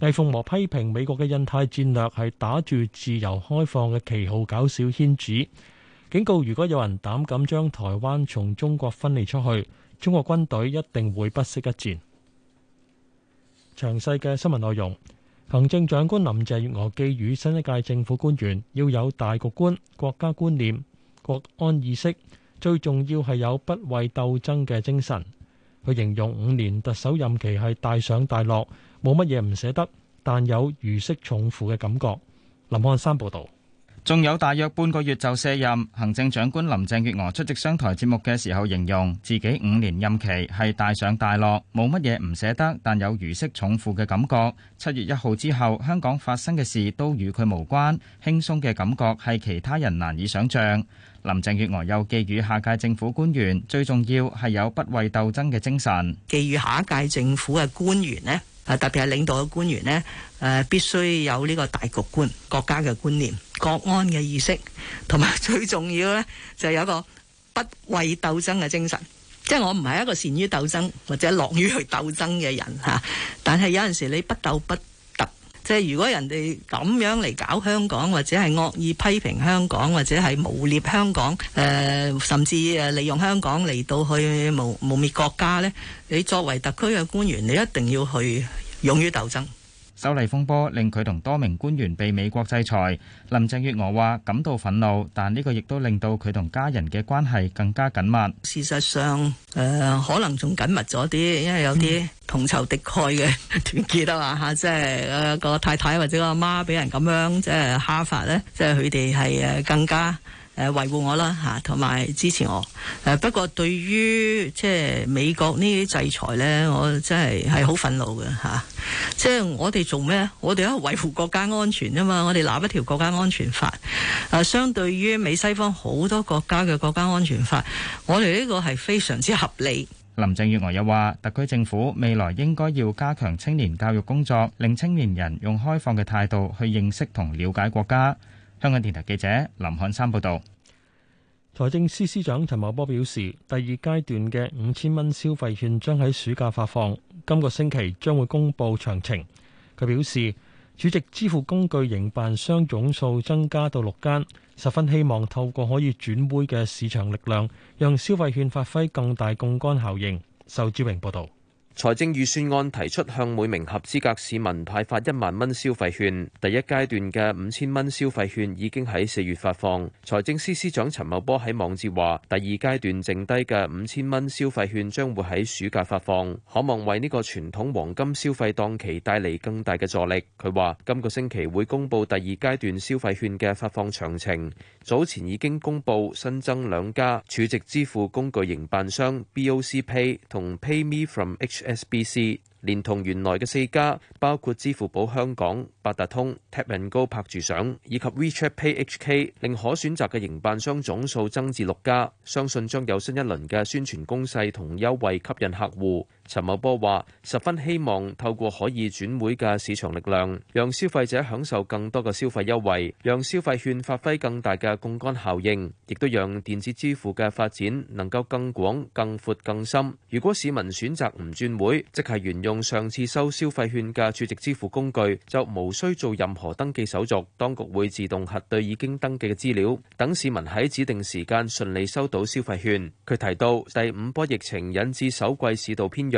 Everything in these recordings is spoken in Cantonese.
魏鳳和批評美國嘅印太戰略係打住自由開放嘅旗號，搞小圈子，警告如果有人膽敢將台灣從中國分離出去，中國軍隊一定會不惜一戰。詳細嘅新聞內容，行政長官林鄭月娥寄語新一屆政府官員要有大局觀、國家觀念、國安意識，最重要係有不畏鬥爭嘅精神。佢形容五年特首任期係大上大落。冇乜嘢唔捨得，但有如釋重負嘅感覺。林漢山報道，仲有大約半個月就卸任行政長官林鄭月娥出席商台節目嘅時候，形容自己五年任期係大上大落，冇乜嘢唔捨得，但有如釋重負嘅感覺。七月一號之後，香港發生嘅事都與佢無關，輕鬆嘅感覺係其他人難以想象。林鄭月娥又寄語下屆政府官員，最重要係有不畏鬥爭嘅精神。寄語下一屆政府嘅官員呢？啊，特別係領導嘅官員呢，誒、呃、必須有呢個大局觀、國家嘅觀念、國安嘅意識，同埋最重要呢，就是、有一個不畏鬥爭嘅精神。即係我唔係一個善於鬥爭或者樂於去鬥爭嘅人嚇、啊，但係有陣時你不鬥不鬥。即係如果人哋咁樣嚟搞香港，或者係惡意批評香港，或者係污衊香港，誒、呃，甚至誒利用香港嚟到去污污衊國家咧，你作為特區嘅官員，你一定要去勇於鬥爭。修例風波令佢同多名官員被美國制裁，林鄭月娥話感到憤怒，但呢個亦都令到佢同家人嘅關係更加緊密。事實上，誒、呃、可能仲緊密咗啲，因為有啲同仇敵愾嘅團結啦嚇，即係、呃、個太太或者個媽俾人咁樣即係哈法咧，即係佢哋係誒更加。誒、啊、維護我啦嚇，同、啊、埋支持我。誒、啊、不過對於即係、就是、美國呢啲制裁呢，我真係係好憤怒嘅嚇。即、啊、係、就是、我哋做咩？我哋喺度維護國家安全啊嘛！我哋立一條國家安全法。誒、啊、相對於美西方好多國家嘅國家安全法，我哋呢個係非常之合理。林鄭月娥又話：特區政府未來應該要加強青年教育工作，令青年人用開放嘅態度去認識同了解國家。香港電台記者林漢山報道，財政司司長陳茂波表示，第二階段嘅五千蚊消費券將喺暑假發放，今個星期將會公布詳情。佢表示，儲值支付工具營辦商總數增加到六間，十分希望透過可以轉會嘅市場力量，讓消費券發揮更大槓杆效應。仇志榮報道。財政預算案提出向每名合資格市民派發一萬蚊消費券，第一階段嘅五千蚊消費券已經喺四月發放。財政司司長陳茂波喺網誌話，第二階段剩低嘅五千蚊消費券將會喺暑假發放，可望為呢個傳統黃金消費檔期帶嚟更大嘅助力。佢話今個星期會公布第二階段消費券嘅發放詳情。早前已經公布新增兩家儲值支付工具營辦商 BoC Pay 同 Pay Me From H。SBC 連同原來嘅四家，包括支付寶香港、八達通、Tap & Go 拍住賞，以及 WeChat Pay HK，令可選擇嘅營辦商總數增至六家。相信將有新一輪嘅宣傳攻勢同優惠吸引客戶。陳茂波話：十分希望透過可以轉會嘅市場力量，讓消費者享受更多嘅消費優惠，讓消費券發揮更大嘅槓桿效應，亦都讓電子支付嘅發展能夠更廣、更闊、更深。如果市民選擇唔轉會，即係沿用上次收消費券嘅儲值支付工具，就無需做任何登記手續，當局會自動核對已經登記嘅資料，等市民喺指定時間順利收到消費券。佢提到，第五波疫情引致首季市道偏弱。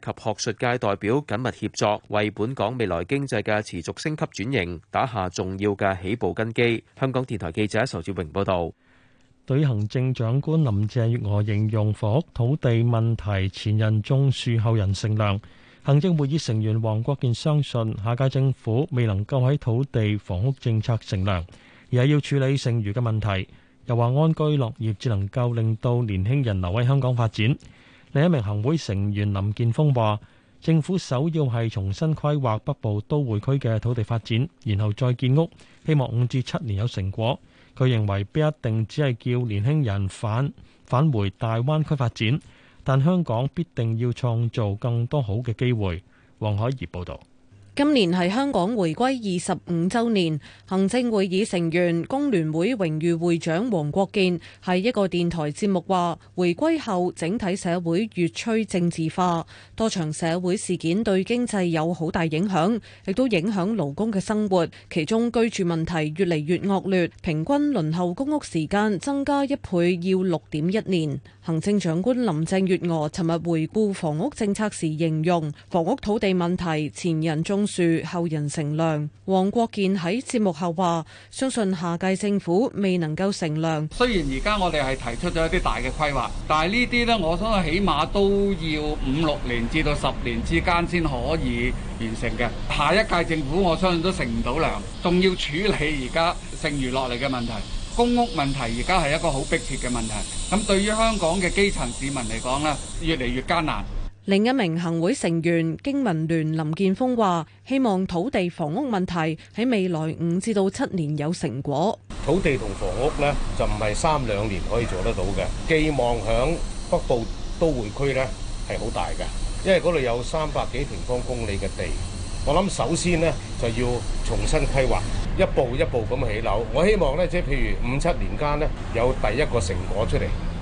及學術界代表緊密協作，為本港未來經濟嘅持續升級轉型打下重要嘅起步根基。香港電台記者仇志榮報導。對於行政長官林鄭月娥形容房屋土地問題前人種樹，後人乘涼，行政會議成員黃國健相信下屆政府未能夠喺土地房屋政策乘涼，而係要處理剩餘嘅問題。又話安居樂業只能夠令到年輕人留喺香港發展。另一名行會成員林健鋒話：政府首要係重新規劃北部都會區嘅土地發展，然後再建屋，希望五至七年有成果。佢認為不一定只係叫年輕人返返回大灣區發展，但香港必定要創造更多好嘅機會。王海怡報導。今年係香港回歸二十五周年，行政會議成員工聯會榮譽會長黃國健喺一個電台節目話回歸後整體社會越趨政治化，多場社會事件對經濟有好大影響，亦都影響勞工嘅生活，其中居住問題越嚟越惡劣，平均輪候公屋時間增加一倍要六點一年。行政長官林鄭月娥尋日回顧房屋政策時形容，房屋土地問題前人種。樹後人乘涼。黃國健喺節目後話，相信下屆政府未能夠乘涼。雖然而家我哋係提出咗一啲大嘅規劃，但係呢啲呢，我想起碼都要五六年至到十年之間先可以完成嘅。下一屆政府我相信都乘唔到涼，仲要處理而家剩餘落嚟嘅問題，公屋問題而家係一個好迫切嘅問題。咁對於香港嘅基層市民嚟講呢，越嚟越艱難。另一名行會成員經民聯林健鋒話：希望土地房屋問題喺未來五至到七年有成果。土地同房屋咧，就唔係三兩年可以做得到嘅。寄望響北部都會區咧，係好大嘅，因為嗰度有三百幾平方公里嘅地。我諗首先咧，就要重新規劃，一步一步咁起樓。我希望咧，即係譬如五七年間咧，有第一個成果出嚟。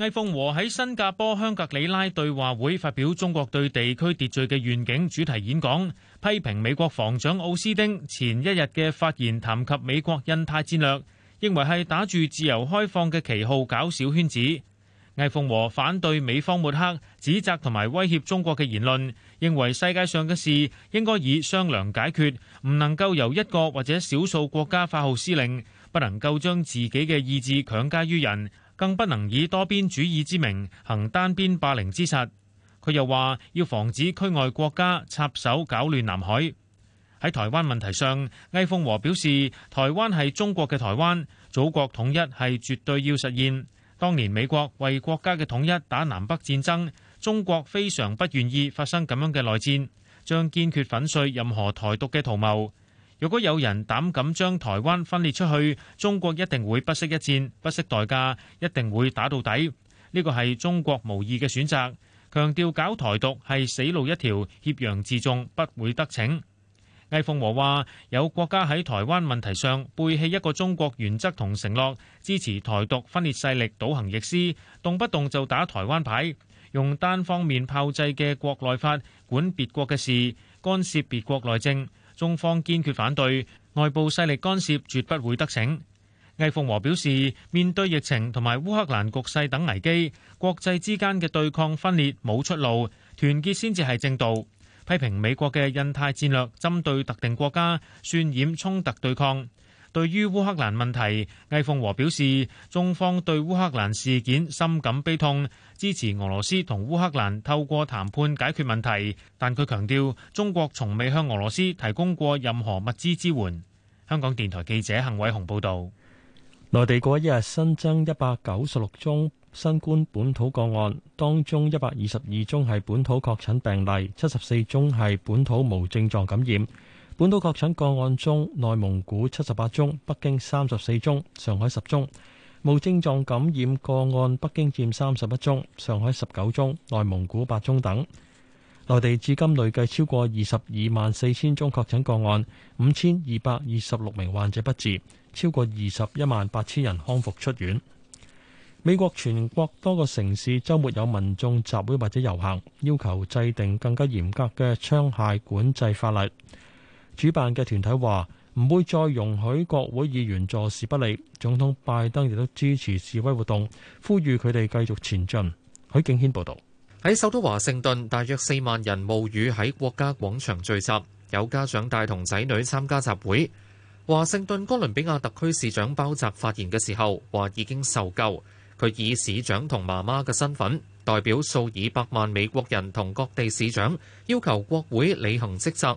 魏鳳和喺新加坡香格里拉對話會發表中國對地區秩序嘅願景主題演講，批評美國防長奧斯汀前一日嘅發言談及美國印太戰略，認為係打著自由開放嘅旗號搞小圈子。魏鳳和反對美方抹黑、指責同埋威脅中國嘅言論，認為世界上嘅事應該以商量解決，唔能夠由一個或者少數國家發號施令，不能夠將自己嘅意志強加於人。更不能以多邊主義之名行單邊霸凌之實，佢又話要防止區外國家插手搞亂南海。喺台灣問題上，魏鳳和表示：台灣係中國嘅台灣，祖國統一係絕對要實現。當年美國為國家嘅統一打南北戰爭，中國非常不願意發生咁樣嘅內戰，將堅決粉碎任何台獨嘅圖謀。如果有人膽敢將台灣分裂出去，中國一定會不惜一戰，不惜代價，一定會打到底。呢個係中國無二嘅選擇。強調搞台獨係死路一條，挾洋自重，不會得逞。魏鳳和話：有國家喺台灣問題上背棄一個中國原則同承諾，支持台獨分裂勢力，倒行逆施，動不動就打台灣牌，用單方面炮製嘅國內法管別國嘅事，干涉別國內政。中方堅決反對外部勢力干涉，絕不會得逞。魏鳳和表示，面對疫情同埋烏克蘭局勢等危機，國際之間嘅對抗分裂冇出路，團結先至係正道。批評美國嘅印太戰略針對特定國家，渲染衝突對抗。對於烏克蘭問題，魏鳳和表示，中方對烏克蘭事件深感悲痛，支持俄羅斯同烏克蘭透過談判解決問題。但佢強調，中國從未向俄羅斯提供過任何物資支援。香港電台記者幸偉雄報道，內地嗰一日新增一百九十六宗新冠本土個案，當中一百二十二宗係本土確診病例，七十四宗係本土無症狀感染。本土確診個案中，內蒙古七十八宗，北京三十四宗，上海十宗。無症狀感染個案，北京佔三十一宗，上海十九宗，內蒙古八宗等。內地至今累計超過二十二萬四千宗確診個案，五千二百二十六名患者不治，超過二十一萬八千人康復出院。美國全國多個城市週末有民眾集會或者遊行，要求制定更加嚴格嘅槍械管制法例。主辦嘅團體話唔會再容許國會議員坐視不理。總統拜登亦都支持示威活動，呼籲佢哋繼續前進。許敬軒報道喺首都華盛頓，大約四萬人冒雨喺國家廣場聚集，有家長帶同仔女參加集會。華盛頓哥倫比亞特區市長鮑澤發言嘅時候話已經受夠，佢以市長同媽媽嘅身份代表數以百萬美國人同各地市長，要求國會履行職責。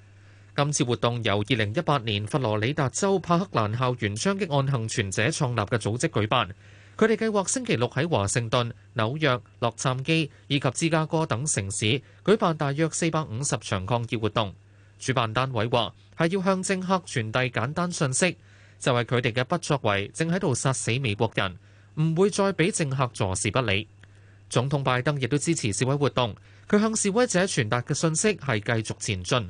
今次活動由二零一八年佛羅里達州帕克蘭校園槍擊案幸存者創立嘅組織舉辦。佢哋計劃星期六喺華盛頓、紐約、洛杉磯以及芝加哥等城市舉辦大約四百五十場抗議活動。主辦單位話係要向政客傳遞簡單訊息，就係佢哋嘅不作為正喺度殺死美國人，唔會再俾政客坐視不理。總統拜登亦都支持示威活動，佢向示威者傳達嘅訊息係繼續前進。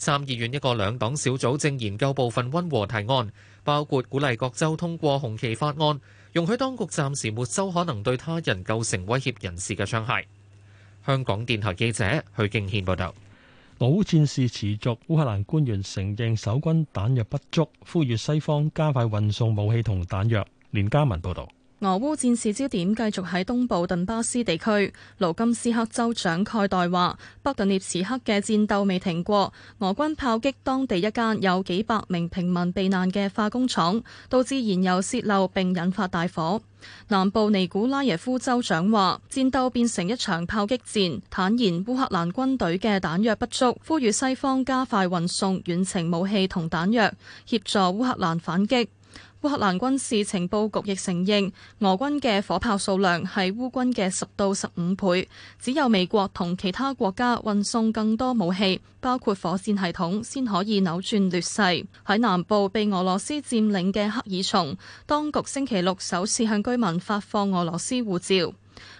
參議院一個兩黨小組正研究部分溫和提案，包括鼓勵各州通過紅旗法案，容許當局暫時沒收可能對他人構成威脅人士嘅槍械。香港電台記者許敬軒報道。武戰事持續，烏克蘭官員承認守軍彈藥不足，呼籲西方加快運送武器同彈藥。連嘉文報道。俄烏戰事焦點繼續喺東部頓巴斯地區，盧甘斯克州長蓋代話：北頓涅茨克嘅戰鬥未停過，俄軍炮擊當地一間有幾百名平民避難嘅化工廠，導致燃油洩漏並引發大火。南部尼古拉耶夫州長話：戰鬥變成一場炮擊戰，坦言烏克蘭軍隊嘅彈藥不足，呼籲西方加快運送遠程武器同彈藥，協助烏克蘭反擊。烏克蘭軍事情報局亦承認，俄軍嘅火炮數量係烏軍嘅十到十五倍，只有美國同其他國家運送更多武器，包括火箭系統，先可以扭轉劣勢。喺南部被俄羅斯佔領嘅赫爾松，當局星期六首次向居民發放俄羅斯護照。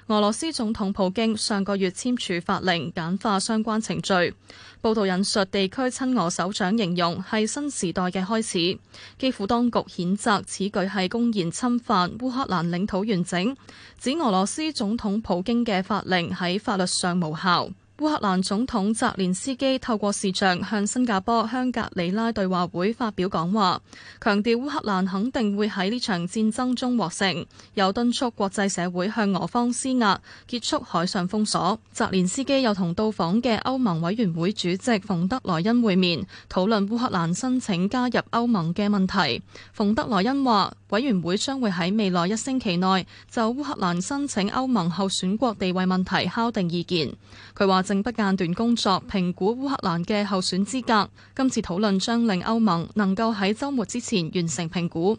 俄羅斯總統普京上個月簽署法令，簡化相關程序。報道引述地區親俄首長形容係新時代嘅開始。基輔當局譴責此舉係公然侵犯烏克蘭領土完整，指俄羅斯總統普京嘅法令喺法律上無效。烏克蘭總統澤連斯基透過視像向新加坡香格里拉對話會發表講話，強調烏克蘭肯定會喺呢場戰爭中獲勝，又敦促國際社會向俄方施壓，結束海上封鎖。澤連斯基又同到訪嘅歐盟委員會主席馮德萊恩會面，討論烏克蘭申請加入歐盟嘅問題。馮德萊恩話，委員會將會喺未來一星期內就烏克蘭申請歐盟候選國地位問題敲定意見。佢話。正不間斷工作評估烏克蘭嘅候選資格。今次討論將令歐盟能夠喺周末之前完成評估。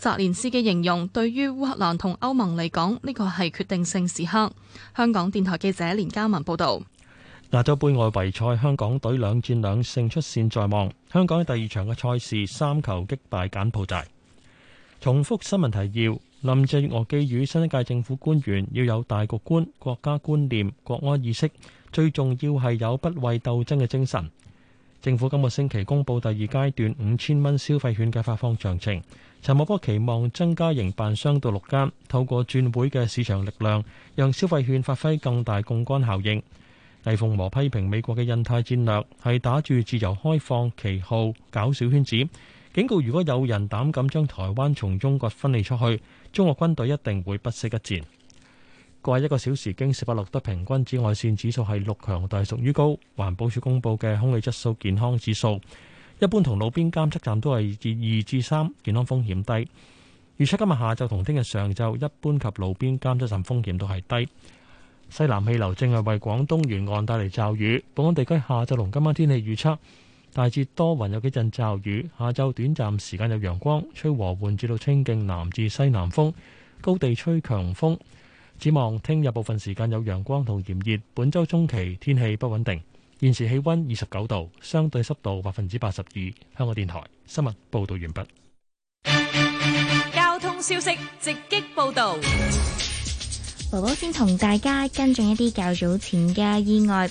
澤連斯基形容，對於烏克蘭同歐盟嚟講，呢個係決定性時刻。香港電台記者連嘉文報道：亞洲杯外圍賽，香港隊兩戰兩勝，出線在望。香港喺第二場嘅賽事三球擊敗柬埔寨。重複新聞提要：林鄭月娥寄語新一屆政府官員要有大局觀、國家觀念、國安意識。最重要係有不畏鬥爭嘅精神。政府今個星期公布第二階段五千蚊消費券嘅發放詳情。陳茂波期望增加營辦商到六間，透過轉會嘅市場力量，讓消費券發揮更大槓桿效應。魏鳳和批評美國嘅印太戰略係打住自由開放旗號搞小圈子，警告如果有人膽敢將台灣從中國分離出去，中國軍隊一定會不惜一戰。過去一個小時，經時，經京士柏錄得平均紫外線指數係六強，但係屬於高。環保署公布嘅空氣質素健康指數，一般同路邊監測站都係二二至三，3, 健康風險低。預測今日下晝同聽日上晝，一般及路邊監測站風險都係低。西南氣流正係為廣東沿岸帶嚟驟雨。本港地區下晝同今晚天氣預測大致多雲，有幾陣驟雨。下晝短暫時，時間有陽光，吹和緩至到清勁南至西南風，高地吹強風。展望聽日部分時間有陽光同炎熱，本周中期天氣不穩定。現時氣温二十九度，相對濕度百分之八十二。香港電台新聞報道完畢。交通消息直擊報道。寶寶先同大家跟進一啲較早前嘅意外。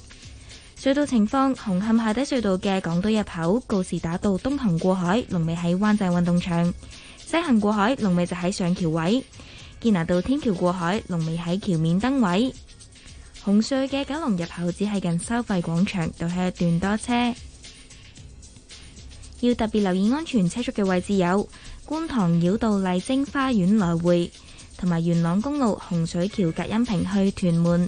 隧道情況：紅磡海底隧道嘅港島入口告士打道東行過海，龍尾喺灣仔運動場；西行過海，龍尾就喺上橋位；堅拿道天橋過海，龍尾喺橋面燈位。紅隧嘅九龍入口只係近收費廣場，就係一段多車。要特別留意安全車速嘅位置有觀塘繞道麗晶花園來回，同埋元朗公路洪水橋隔音屏去屯門。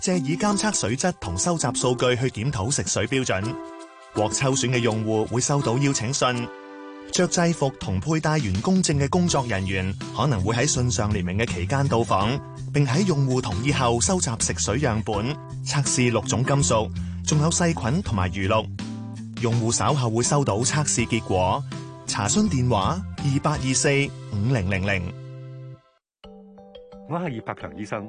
借以監測水質同收集數據去檢討食水標準。獲抽選嘅用戶會收到邀請信，着制服同佩戴員工證嘅工作人員可能會喺信上列明嘅期間到訪，並喺用戶同意後收集食水樣本測試六種金屬，仲有細菌同埋餘氯。用戶稍後會收到測試結果，查詢電話二八二四五零零零。我係葉柏強醫生。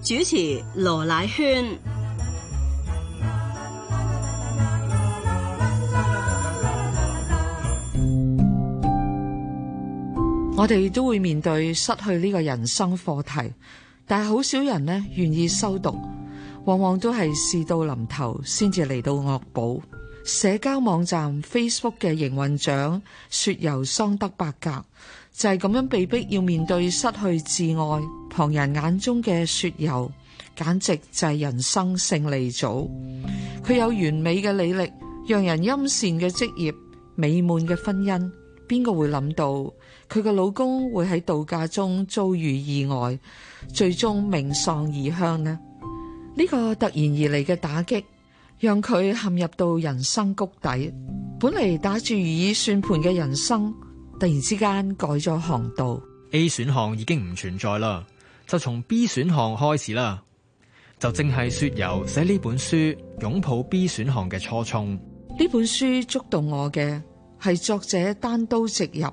主持羅乃圈， 我哋都會面對失去呢個人生課題，但係好少人呢願意修讀，往往都係事到臨頭先至嚟到惡補。社交網站 Facebook 嘅營運長雪游桑德伯格就係、是、咁樣被逼要面對失去摯愛。旁人眼中嘅雪柔，簡直就係人生勝利組。佢有完美嘅履歷，讓人陰善嘅職業，美滿嘅婚姻。邊個會諗到佢嘅老公會喺度假中遭遇意外，最終命喪異鄉呢？呢個突然而嚟嘅打擊，讓佢陷入到人生谷底。本嚟打住如意算盤嘅人生，突然之間改咗航道。A 選項已經唔存在啦。就從 B 選項開始啦，就正係雪柔寫呢本書擁抱 B 選項嘅初衷。呢本書觸動我嘅係作者單刀直入，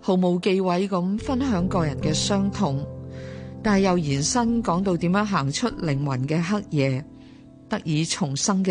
毫無忌諱咁分享個人嘅傷痛，但係又延伸講到點樣行出靈魂嘅黑夜，得以重生嘅。